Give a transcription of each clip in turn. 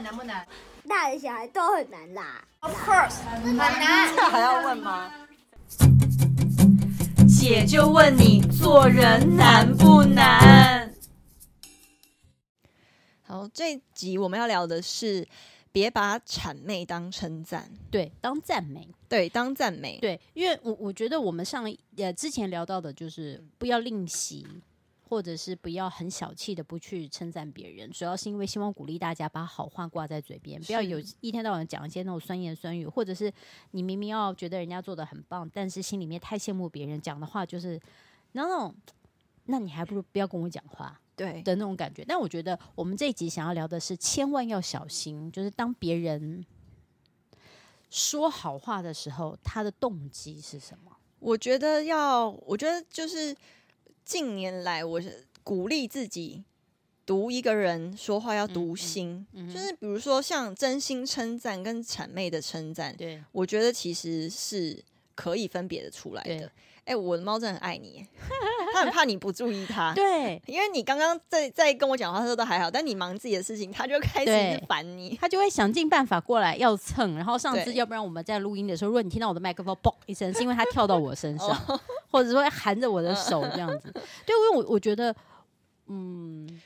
難不難？大人小孩都很難啦。Of course，很難。這還要問嗎？姐就問你做人難不難？好，這一集我們要聊的是，別把諂媚當稱讚，對，當讚美，對，當讚美，對，因為我我覺得我們上呃之前聊到的就是不要吝惜。或者是不要很小氣的不去稱讚別人，主要是因為希望鼓勵大家把好話掛在嘴邊，不要有一天到晚講一些那種酸言酸語，或者是你明明要覺得人家做得很棒，但是心裡面太羨慕別人，講的話就是那種，no, no, 那你還不如不要跟我講話，對的那種感覺。但我覺得我們這一集想要聊的是，千萬要小心，就是當別人說好話的時候，他的動機是什麼？我覺得要，我覺得就是。近年來，我是鼓勵自己讀一個人說話要讀心，嗯嗯，就是比如說像真心稱讚跟諂媚的稱讚，對，我覺得其實是可以分別的出來的。欸，我的貓真的很愛你，它很怕你不注意它。 對，因為你剛剛在在跟我講話，它說都還好，但你忙自己的事情，它就開始煩你，它就會想盡辦法過來要蹭。然後上次，要不然我們在錄音的時候，如果你聽到我的麥克風“嘣”一聲，是因為它跳到我身上， Oh. 或者說含着我的手這樣子。對，因為我我覺得，嗯。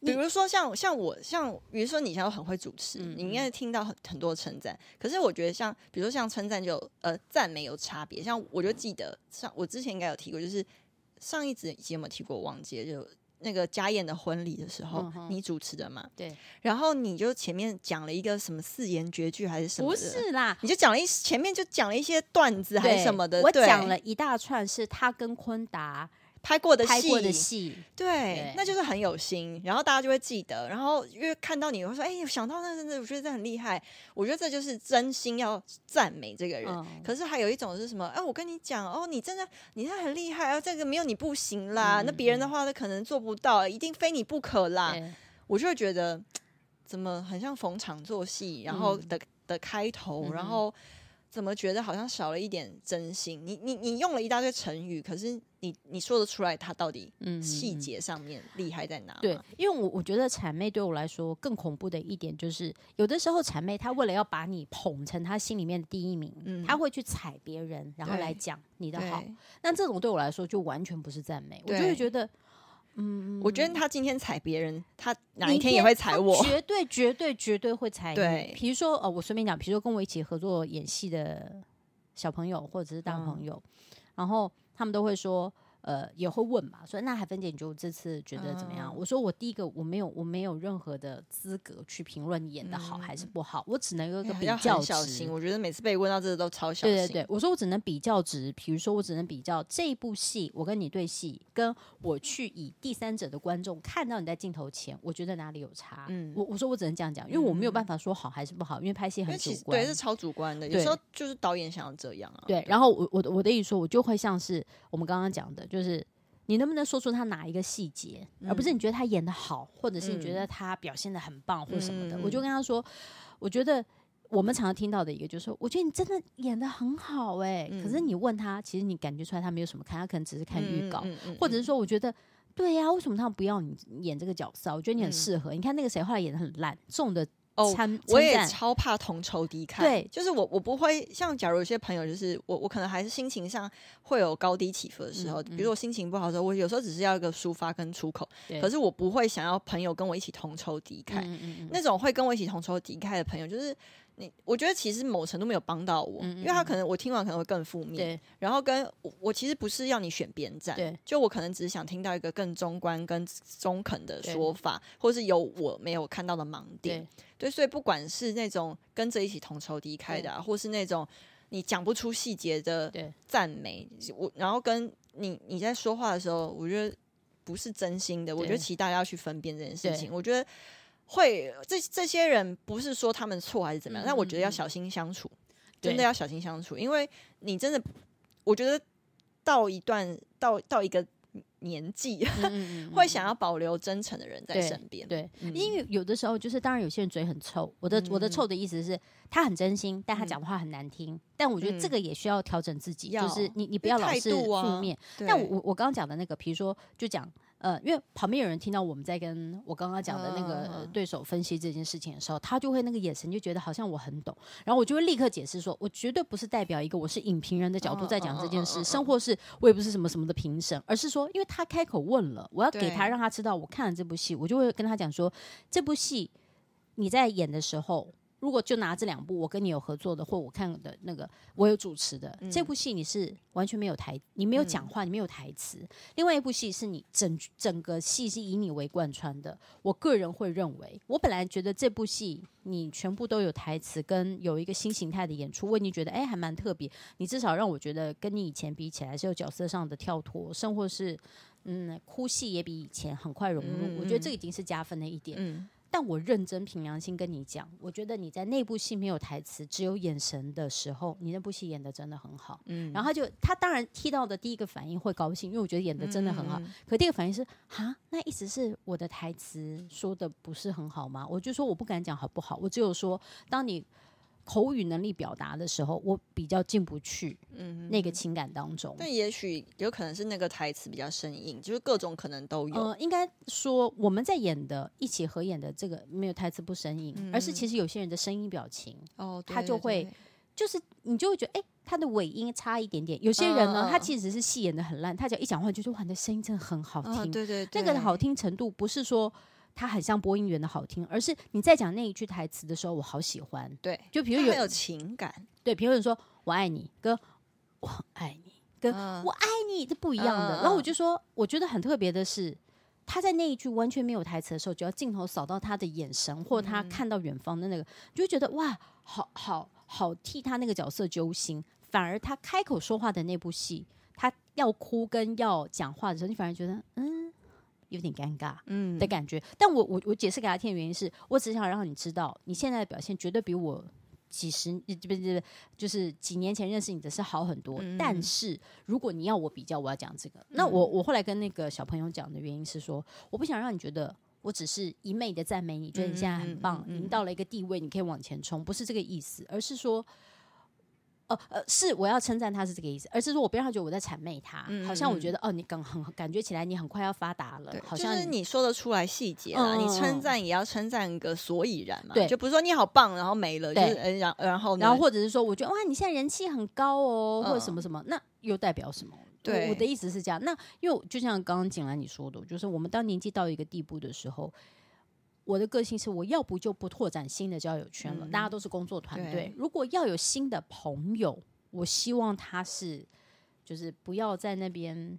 比如說像像我像比如說你現在很會主持，嗯、你應該聽到很很多稱讚。可是我覺得像比如說像稱讚就呃讚沒有差別。像我就記得上我之前應該有、就是、有，有提過，就是上一集節目提過王杰，就那個家宴的婚禮的時候、嗯，你主持的嘛。對。然後你就前面講了一個什麼四言絕句還是什麼的？不是啦，你就講了一前面就講了一些段子還是什麼的。對對，我講了一大串，是他跟坤達。拍過的戲，對，那就是很有心，然後大家就會記得，然後因為看到你，我說，哎、欸，想到那真的，我覺得這很厲害，我覺得這就是真心要讚美這個人、嗯。可是還有一種是什麼？哎、欸，我跟你講，哦，你真的，你真的很厲害哦、啊，這個沒有你不行啦，嗯、那別人的話都可能做不到，一定非你不可啦。嗯、我就會覺得，怎麼很像逢場作戲，然後的、嗯、的開頭，然後怎麼覺得好像少了一點真心？嗯、你你你用了一大堆成語，可是。你你說得出來，他到底細節上面厲害在哪兒、嗯嗯嗯？對，因為我我覺得諂媚對我來說更恐怖的一點就是，有的時候諂媚他為了要把你捧成他心裡面的第一名，他、嗯、會去踩別人，然後來講你的好。那這種對我來說就完全不是讚美，我就會覺得，嗯，我覺得他今天踩別人，他哪一天也會踩我，絕對絕對絕對會踩你。對，比如說哦、呃，我隨便講，比如說跟我一起合作演戲的小朋友或者是大朋友、嗯，然後。他們都會說。呃，也會問嘛，所以那海芬姐，你就這次覺得怎麼樣？嗯、我說我第一個我沒有我沒有任何的資格去評論你演的好還是不好，嗯，我只能有一個比較小心，我覺得每次被問到這個都超小心。對對對，我說我只能比較直，比如說我只能比較這一部戲，我跟你對戲，跟我去以第三者的觀眾看到你在鏡頭前，我覺得哪裡有差。嗯，我我說我只能這樣講，因為我沒有辦法說好還是不好，因為拍戲很主觀，對，是超主觀的。有時候就是導演想要這樣啊。對，對然後我我我的意思說，我就會像是我們剛剛講的。就是你能不能說出他哪一個細節、嗯，而不是你覺得他演得好，或者是你覺得他表現得很棒或什麼的、嗯。我就跟他說，我覺得我們常常聽到的一個就是說，我覺得你真的演得很好誒、欸嗯。可是你問他，其實你感覺出來他沒有什麼看，他可能只是看預告、嗯嗯嗯嗯，或者是說，我覺得對呀、啊，為什麼他不要你演這個角色、啊？我覺得你很適合、嗯。你看那個誰後來演得很爛，重的。哦、我也超怕同仇敵愾。對，就是我，我不會像假如有些朋友，就是我，我可能還是心情上會有高低起伏的時候。嗯嗯、比如我心情不好的時候，我有時候只是要一個抒發跟出口，對，可是我不會想要朋友跟我一起同仇敵愾、嗯嗯嗯。那種會跟我一起同仇敵愾的朋友，就是。你我覺得其實某程度沒有幫到我，因為他可能我聽完可能會更負面。嗯嗯，然後跟我我其實不是要你選邊站，就我可能只是想聽到一個更中觀、跟中肯的說法，或是有我沒有看到的盲點。對，對，所以不管是那種跟着一起同仇敵愾的、啊，嗯、或是那種你講不出細節的讚美，我然後跟你你在說話的時候，我覺得不是真心的。我覺得其實大家要去分辨這件事情。我覺得。會，這這些人不是說他們錯還是怎麼樣，嗯、但我覺得要小心相處，嗯、真的要小心相處，因為你真的，我覺得到一段到到一個年紀、嗯嗯嗯，會想要保留真誠的人在身邊。對，對嗯、因為有的時候就是，當然有些人嘴很臭，我的、嗯、我的臭的意思是他很真心，但他講的話很難聽、嗯，但我覺得這個也需要調整自己，就是你你不要老是負面、啊。但我我我剛剛講的那個，比如說就講。呃，因為旁邊有人聽到我們在跟我剛剛講的那個對手分析這件事情的時候，嗯嗯、他就會那個眼神就覺得好像我很懂，然後我就會立刻解釋說，我絕對不是代表一個我是影評人的角度在講這件事、嗯嗯嗯嗯嗯，生活是我也不是什麼什麼的評審，而是說，因為他開口問了，我要給他讓他知道我看了這部戲，我就會跟他講說，這部戲你在演的時候。如果就拿這兩部，我跟你有合作的，或我看的那個，我有主持的、嗯、這部戲，你是完全沒有台，你沒有講話、嗯，你沒有台詞。另外一部戲是你整整個戲是以你為貫穿的。我個人會認為，我本來覺得這部戲你全部都有台詞，跟有一個新形態的演出，為你覺得哎還蠻特別。你至少讓我覺得跟你以前比起來是有角色上的跳脫，甚或是嗯哭戲也比以前很快融入嗯嗯。我覺得這已經是加分的一點。嗯但我認真憑良心跟你講，我覺得你在那部戲沒有台詞，只有眼神的時候，你那部戲演的真的很好。嗯，然後他就他當然聽到的第一個反應會高興，因為我覺得演的真的很好。嗯、可第一個反應是哈，那意思是我的台詞說的不是很好嗎？我就說我不敢講好不好，我只有說當你。口語能力表達的時候，我比較進不去，嗯，那個情感當中。那也許有可能是那個台詞比較生硬，就是各種可能都有。呃應該說我們在演的、一起合演的這個沒有台詞不生硬、嗯，而是其實有些人的聲音表情，哦，對對對對，他就會就是你就會覺得，哎，他的尾音差一點點。有些人呢，哦、他其實是戲演的很爛，他只要一講話就說，哇，你的聲音真的很好聽。哦、對，對對，這、那個好聽程度不是說。他很像播音員的好聽，而是你在講那一句台詞的時候，我好喜歡。對，就比如有，有情感，對，比如你說“我愛你，跟我很愛你，跟、嗯、我愛你，這不一樣的、嗯。然後我就說，我覺得很特別的是，他在那一句完全沒有台詞的時候，只要鏡頭掃到他的眼神或者他看到遠方的那個，嗯、就覺得哇，好好好，好替他那個角色揪心。反而他開口說話的那部戲，他要哭跟要講話的時候，你反而覺得嗯。有點尷尬，嗯，的感覺。嗯、但我我我解釋給他聽的原因是，我只想讓你知道，你現在的表現絕對比我幾十不不、呃呃呃，就是幾年前認識你的是好很多。嗯、但是如果你要我比較，我要講這個，嗯、那我我後來跟那個小朋友講的原因是說，我不想讓你覺得我只是一昧的讚美你、嗯，覺得你現在很棒、嗯，已經到了一個地位，你可以往前衝，不是這個意思，而是說。哦、呃，是我要稱讚他是這個意思，而是說我不讓他覺得我在諂媚他、嗯，好像我覺得哦，你感很感覺起來你很快要發達了，好像。就是你說得出來細節了，你稱讚也要稱讚個所以然嘛，就不是說你好棒，然後沒了，就是嗯、呃，然然後然後或者是說，我覺得哇，你現在人氣很高哦、嗯，或者什麼什麼，那又代表什麼？對，對我的意思是這樣。那又就像剛剛景蘭你說的，就是我們當年紀到一個地步的時候。我的個性是，我要不就不拓展新的交友圈了。嗯、大家都是工作團隊，如果要有新的朋友，我希望他是，就是不要在那邊，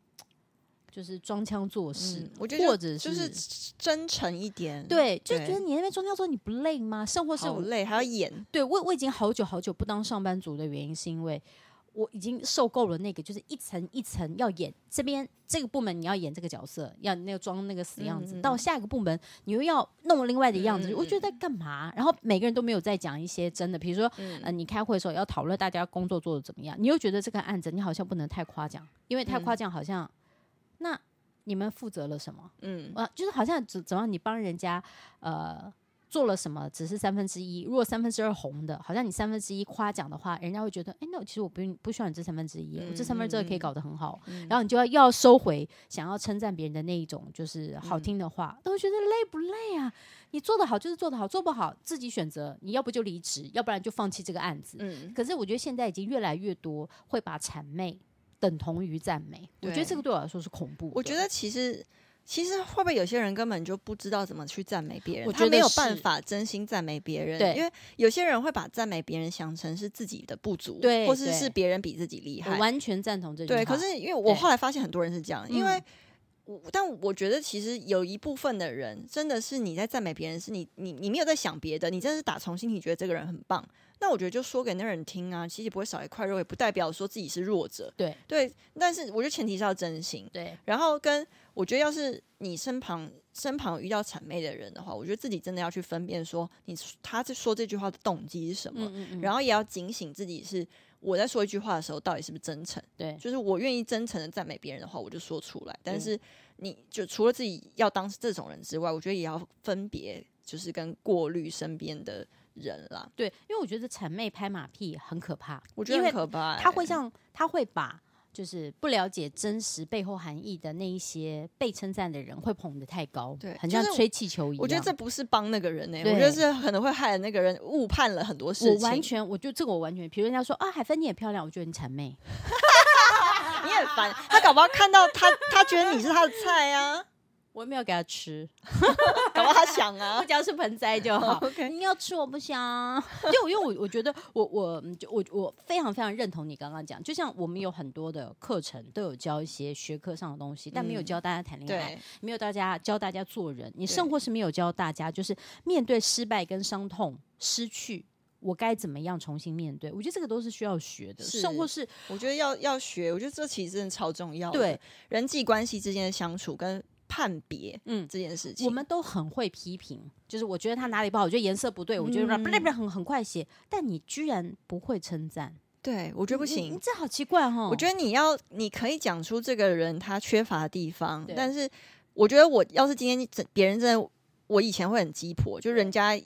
就是裝腔作勢、嗯。我覺得就，或者是、就是、真誠一點對。對，就覺得你在那邊裝腔作勢，你不累嗎？生活是好累，還要演。對我，我已經好久好久不當上班族的原因，是因為。我已經受夠了那個，就是一層一層要演。這邊這個部門你要演這個角色，要那個裝那個死樣子、嗯。到下一個部門，你又要弄另外的樣子。嗯、我覺得在幹嘛、嗯？然後每個人都沒有在講一些真的，比如說、嗯，呃，你開會的時候要討論大家工作做得怎麼樣。你又覺得這個案子你好像不能太誇獎，因為太誇獎好像、嗯、那你們負責了什麼？嗯，啊，就是好像怎怎樣你幫人家，呃。做了什麼只是三分之一，如果三分之二紅的，好像你三分之一誇獎的話，人家會覺得，哎、欸，那、no, 其實我不用不需要你這三分之一、嗯，我這三分之二可以搞得很好。嗯、然後你就要又要收回想要稱讚別人的那一種，就是好聽的話，都、嗯、覺得累不累啊？你做得好就是做得好，做不好自己選擇，你要不就離職，要不然就放棄這個案子。嗯、可是我覺得現在已經越來越多會把諂媚等同於讚美，我覺得這個對我來說是恐怖。我覺得其實。其實會不會有些人根本就不知道怎麼去讚美別人？我覺得他沒有辦法真心讚美別人。對，因為有些人會把讚美別人想成是自己的不足，對，或是是別人比自己厲害。我完全贊同這句話。對，可是因為我後來發現很多人是這樣，因為、嗯，但我覺得其實有一部分的人真的是你在讚美別人，是你你你沒有在想別的，你真的是打從心底覺得這個人很棒。那我覺得就說給那人聽啊，其實不會少一塊肉，也不代表說自己是弱者。對對，但是我覺得前提是要真心。對，然後跟我覺得，要是你身旁身旁遇到諂媚的人的話，我覺得自己真的要去分辨說，說你他在說這句話的動機是什麼。嗯嗯嗯。然後也要警醒自己是，是我在說一句話的時候，到底是不是真誠？對，就是我願意真誠的讚美別人的話，我就說出來。但是你就除了自己要當是這種人之外，我覺得也要分別，就是跟過濾身邊的人了，對，因為我覺得諂媚拍馬屁很可怕，我覺得很可怕、欸，他會像他會把就是不了解真實背後含義的那一些被稱讚的人，會捧得太高，對，很像吹氣球一樣。我，我覺得這不是幫那個人呢、欸，我覺得是可能會害了那個人誤判了很多事情。我完全，我就這個我完全，譬如人家說啊，海芬你很漂亮，我覺得你諂媚， 你很煩，他搞不好看到他，他覺得你是他的菜啊。我也沒有給他吃，搞不好他想啊？ 只要是盆栽就好。Oh, okay. 你要吃我不想，因 為因為我我覺得我我就我我非常非常認同你剛剛講，就像我們有很多的課程都有教一些學科上的東西，嗯、但沒有教大家談戀愛，沒有大家教大家做人。你生活是沒有教大家，就是面對失敗跟傷痛、失去，我該怎麼樣重新面對？我覺得這個都是需要學的。生活是我覺得要要學，我覺得這其實真的超重要的。對人際關係之間的相處跟。判別，嗯，這件事情、嗯、我們都很會批評，就是我覺得他哪裡不好，我覺得顏色不對，嗯、我覺得不不不很很快寫，但你居然不會稱讚，對，我覺得不行，嗯、這好奇怪哦，我覺得你要你可以講出這個人他缺乏的地方，但是我覺得我要是今天別人真的，我以前會很雞婆，就人家。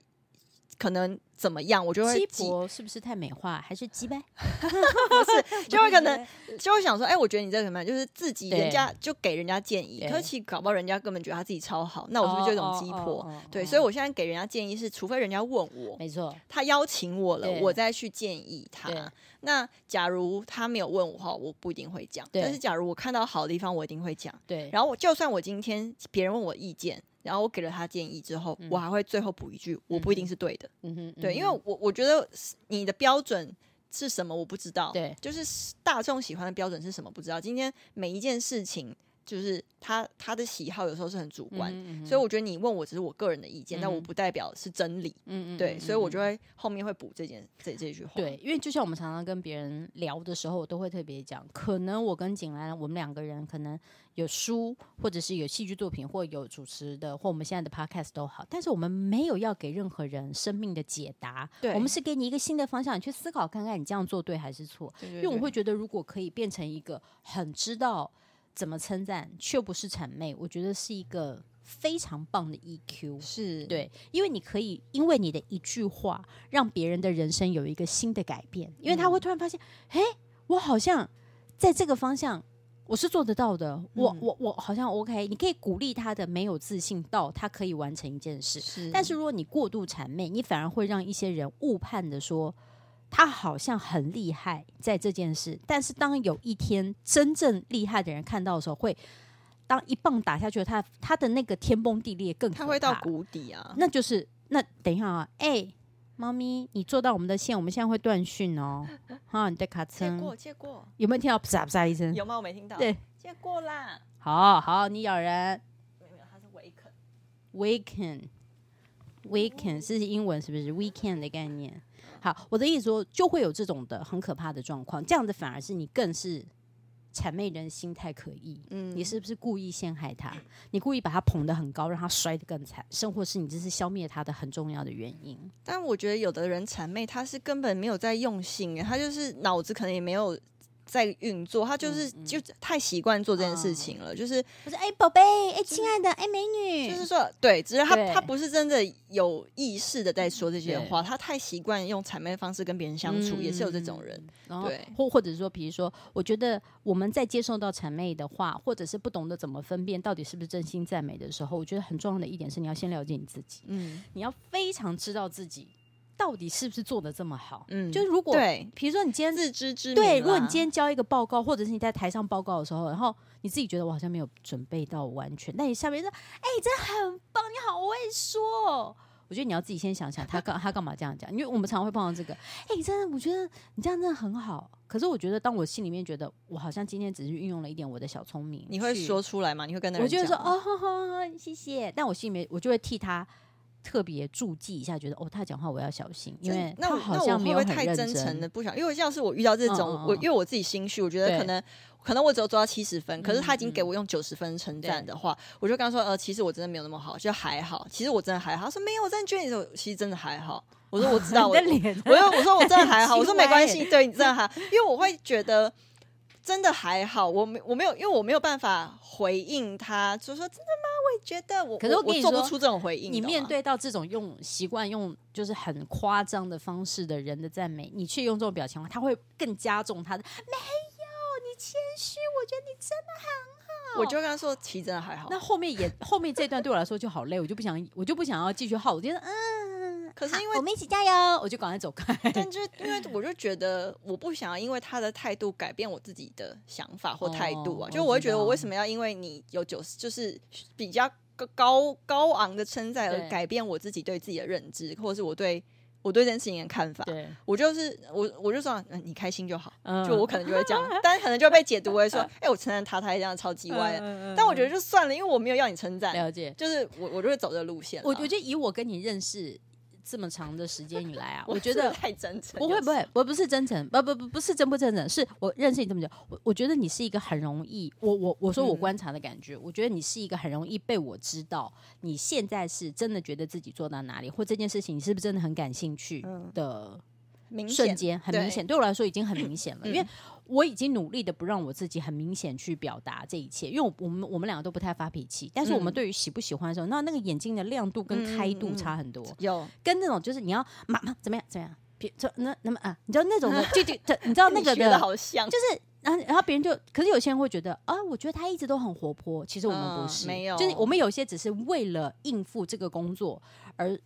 可能怎麼樣，我就會雞婆，是不是太美化，還是雞唄？ 不是 不是，就會可能就會想說，哎、欸，我覺得你這個什麼，就是自己人家就給人家建議，可是其實搞不好人家根本覺得他自己超好，那我是不是就一種雞婆？哦哦哦、對、哦，所以我現在給人家建議是，除非人家問我，沒錯，他邀請我了，我再去建議他。那假如他沒有問我話，我不一定會講。但是假如我看到好的地方，我一定會講。對，然後我就算我今天別人問我意見。然後我給了他建議之後，嗯、我還會最後補一句，嗯，我不一定是對的，嗯哼、對、嗯哼，因為我我覺得你的標準是什麼我不知道，對，就是大眾喜歡的標準是什麼我不知道。今天每一件事情。就是他他的喜好有時候是很主觀，嗯嗯嗯，所以我覺得你問我只是我個人的意見，嗯嗯，但我不代表是真理。嗯嗯，嗯嗯，對，所以我就會後面會補這件這這句話。對，因為就像我們常常跟別人聊的時候，我都會特別講，可能我跟景蘭我們兩個人可能有書，或者是有戲劇作品，或有主持的，或我們現在的 podcast 都好，但是我們沒有要給任何人生命的解答。對，我們是給你一個新的方向，你去思考看看你這樣做對還是錯。因為我會覺得如果可以變成一個很知道怎麼稱讚卻不是諂媚，我覺得是一個非常棒的 EQ 是。是對，因為你可以因為你的一句話讓別人的人生有一個新的改變，因為他會突然發現，嗯、誒，我好像在這個方向我是做得到的，嗯、我我我好像 OK。你可以鼓勵他的沒有自信到他可以完成一件事，但是如果你過度諂媚，你反而會讓一些人誤判的說。他好像很厲害，在這件事。但是當有一天真正厲害的人看到的時候，會當一棒打下去，他他的那個天崩地裂更他會到谷底啊。那就是那等一下啊，哎、欸，貓咪，你做到我們的線，我們現在會斷訊哦。 哈，你在卡車？過見過，有沒有聽到啪嚓啪一聲？有嗎？我沒聽到。對，見過啦。好好，你咬人。沒有，他是 we can，we k a n w e k a n 這是英文，是不是 we e k e n d 的概念？好，我的意思說，就會有這種的很可怕的狀況。這樣子反而是你更是諂媚人心態可疑。嗯，你是不是故意陷害他？你故意把他捧得很高，讓他摔得更慘。甚或是你這是消滅他的很重要的原因。但我覺得有的人諂媚，他是根本沒有在用心，他就是腦子可能也沒有。在運作，他就是就太習慣做這件事情了，哦、就是不是哎，寶、欸、貝，哎，親愛的，哎、欸，美女，就是說，對，只是他他不是真的有意識的在說這些話，他太習慣用諂媚的方式跟別人相處、嗯，也是有這種人，嗯、對，或或者是說，比如說，我覺得我們在接受到諂媚的話，或者是不懂得怎麼分辨到底是不是真心讚美的時候，我覺得很重要的一點是，你要先了解你自己，嗯，你要非常知道自己。到底是不是做得這麼好？嗯，就是如果，對，比如說你今天自知之明，對，如果你今天交一個報告，或者是你在台上報告的時候，然後你自己覺得我好像沒有準備到完全，那你下面就說，哎、欸，你真的很棒，你好會說、哦，我覺得你要自己先想想他，他幹他幹嘛這樣講？因為我們常常會碰到這個，哎、欸，你真的，我覺得你這樣真的很好。可是我覺得，當我心裡面覺得我好像今天只是運用了一點我的小聰明，你會說出來嗎？你會跟人覺得說：我就會說哦好好，謝謝。但我心裡面，我就會替他。特別注記一下，覺得哦，他講話我要小心，因為他好像沒有真會不會太真誠的不想，因為像是我遇到這種，哦哦哦，我因為我自己心虛，我覺得可能可能我只有做到七十分，可是他已經給我用九十分稱讚的話嗯嗯，我就跟他說呃，其實我真的沒有那麼好，就還好，其實我真的還好。他說沒有，我真的覺得你其實真的還好。我說我知道我， 的我的臉，我我說我真的還好， 欸、我說沒關係，對你真的哈，因為我會覺得。真的還好，我沒我沒有，因為我沒有辦法回應他，就說真的嗎？我也覺得我，可是我跟你說我做不出這種回應。你面對到這種用習慣用就是很誇張的方式的人的讚美，你去用這種表情的話，他會更加重他的。沒有，你謙虛，我覺得你真的很好。我就跟他說，其實真的還好。那後面也後面這段對我來說就好累， 我就不想我就不想要繼續耗。我覺得嗯。可是因為我們一起加油，我就趕快走開。但就因為我就覺得，我不想要因為他的態度改變我自己的想法或態度啊、哦。就我會覺得，我為什麼要因為你有九十，就是比較高高高昂的稱讚而改變我自己對自己的認知，或是我對我對這件事情的看法？我就是我，我就說，嗯，你開心就好。嗯，就我可能就會這樣，嗯、但可能就會被解讀為，欸嗯、說，哎、欸，我稱讚他，他也這樣超級歪的，嗯。但我覺得就算了，因為我沒有要你稱讚。了解，就是我，我就會走這個路線。我我覺得以我跟你認識。這麼長的時間以來啊， 我覺得我太真誠，就是，不會不會，我不是真誠，不不不不是真不真誠，是我認識你這麼久，我我覺得你是一個很容易，我我我說我觀察的感覺，嗯，我覺得你是一個很容易被我知道，你現在是真的覺得自己做到哪裡，或這件事情你是不是真的很感興趣的？嗯瞬間很明顯，對我來說已經很明顯了、嗯，因為我已經努力的不讓我自己很明顯去表達這一切。因為我們我們兩個都不太發脾氣，但是我們對於喜不喜歡的時候，那、嗯、那個眼睛的亮度跟開度差很多，嗯嗯、有跟那種就是你要媽媽怎麼樣怎麼樣，別那那麼啊，你知道那種的、啊、就就你知道那個的你學得好像就是然後然後別人就，可是有些人會覺得啊，我覺得他一直都很活潑，其實我們不是、嗯、沒有，就是我們有些只是為了應付這個工作而。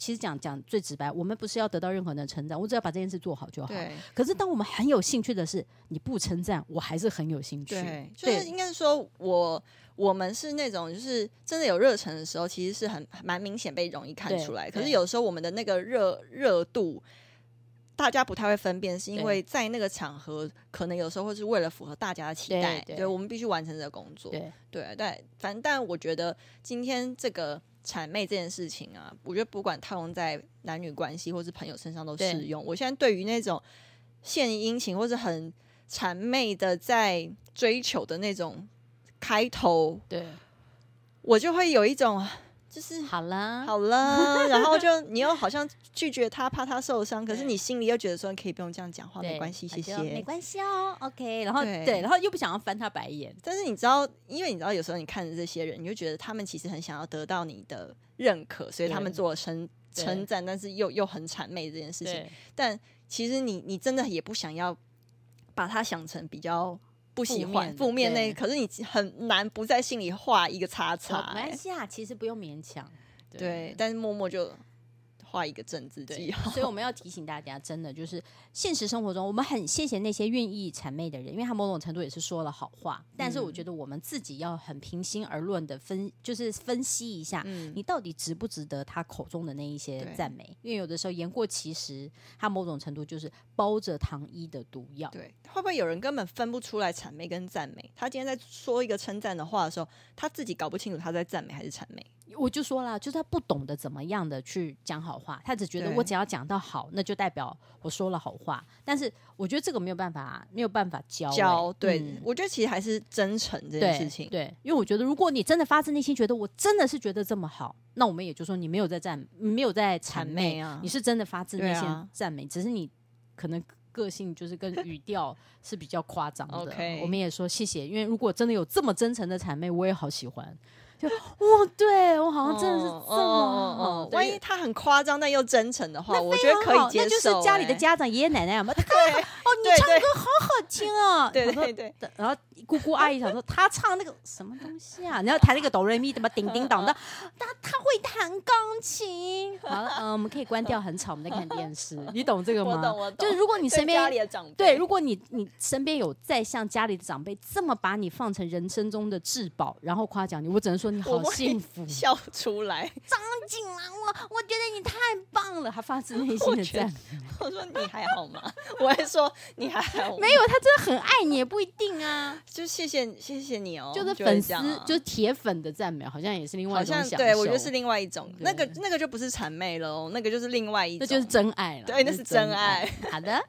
其實講講最直白，我們不是要得到任何人的稱讚，我們只要把這件事做好就好。可是當我們很有興趣的是，你不稱讚我還是很有興趣。對。對就是應該是說我，我我們是那種就是真的有熱忱的時候，其實是很蠻明顯被容易看出來。可是有時候我們的那個熱熱度，大家不太會分辨，是因為在那個場合，可能有時候會是為了符合大家的期待，對，對我們必須完成這個工作。對對對，反正但我覺得今天這個。諂媚這件事情啊，我覺得不管套用在男女關係或是朋友身上都適用。我現在對於那種獻殷勤或是很諂媚的在追求的那種開頭，對我就會有一種。就是好啦好啦， 然後就你又好像拒絕他， 怕他受傷，可是你心裡又覺得說你可以不用這樣講話，沒關係，謝謝，沒關係哦，OK。然後對，對，然後又不想要翻他白眼，但是你知道，因為你知道有時候你看着這些人，你就覺得他們其實很想要得到你的認可，所以他們做了稱稱讚，但是又又很諂媚這件事情。但其實你你真的也不想要把他想成比較。不喜歡負面那、欸，可是你很難不在心裡畫一個叉叉、欸。沒關係啊，其實不用勉強，對，但是默默就。畫一個正字記號。對，所以我們要提醒大家，真的就是現實生活中，我們很謝謝那些願意諂媚的人，因為他某種程度也是說了好話。但是我覺得我們自己要很平心而論的分，嗯，就是分析一下，你到底值不值得他口中的那一些讚美。因為有的時候言過其實，他某種程度就是包着糖衣的毒藥。對，會不會有人根本分不出來諂媚跟讚美？他今天在說一個稱讚的話的時候，他自己搞不清楚他在讚美還是諂媚。我就說了，就是他不懂得怎麼樣的去講好話，他只覺得我只要講到好，那就代表我說了好話。但是我覺得這個沒有辦法，沒有辦法教、欸。教，對、嗯，我覺得其實還是真誠這件事情。對，因為我覺得如果你真的發自內心覺得我真的是覺得這麼好，那我們也就說你沒有在讚，沒有在諂媚啊，你是真的發自內心讚美、啊。只是你可能個性就是跟語調是比較誇張的。 我們也說謝謝，因為如果真的有這麼真誠的諂媚，我也好喜歡。哇、哦！對，我好像真的是這麼……哦哦哦、萬一他很誇張但又真誠的話那，我覺得可以接受、哎。那就是家裡的家長、爺爺奶奶啊，他哦，你唱歌好好聽啊！對對對，對，然後姑姑阿姨想說、哦，他唱那個什麼東西啊？啊你要彈那個哆瑞咪，怎、啊、麼叮叮當的？啊、他他會彈鋼琴。好了，嗯，我們可以關掉，很吵，我們在看電視。 你懂這個嗎？我懂，我懂，我就是如果你身邊對，如果你你身邊有在像家裡的長輩這麼把你放成人生中的至寶，然後誇獎你，我只能說你好幸福。笑出來，張景然，我我覺得你太棒了，他發自內心的讚。我說你還好嗎？ 我還說你還好嗎， 沒有，他真的很愛你，也不一定啊。就謝謝你，謝謝你哦。就是粉絲，就是鐵粉的讚美，好像也是另外一種好像。對，我覺得是另外一種。那個那個就不是。諂媚咯，那個就是另外一種，那就是真愛了。對，那是真愛。 好的。